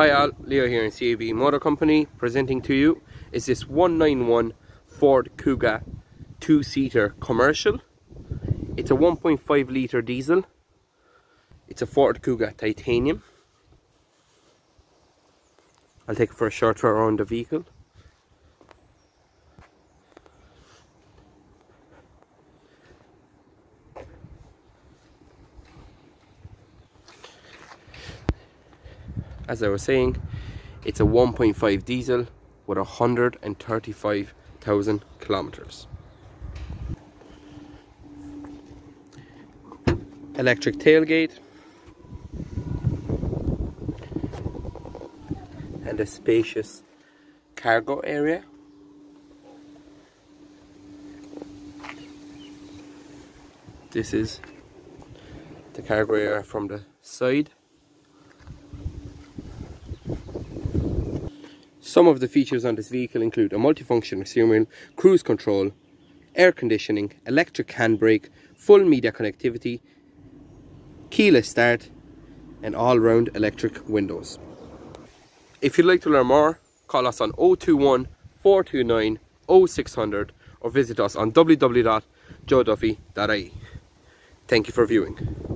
Hi all, Leo here in CAB Motor Company presenting to you is this 191 Ford Kuga two-seater commercial. It's a 1.5 litre diesel. It's a Ford Kuga titanium. I'll take it for a short tour around the vehicle. as I was saying, it's a 1.5 diesel with 135,000 kilometers. Electric tailgate. And a spacious cargo area. This is the cargo area from the side. Some of the features on this vehicle include a multifunction steering wheel, cruise control, air conditioning, electric handbrake, full media connectivity, keyless start, and all-round electric windows. If you'd like to learn more, call us on 021 429 0600 or visit us on www.joeduffy.ie. Thank you for viewing.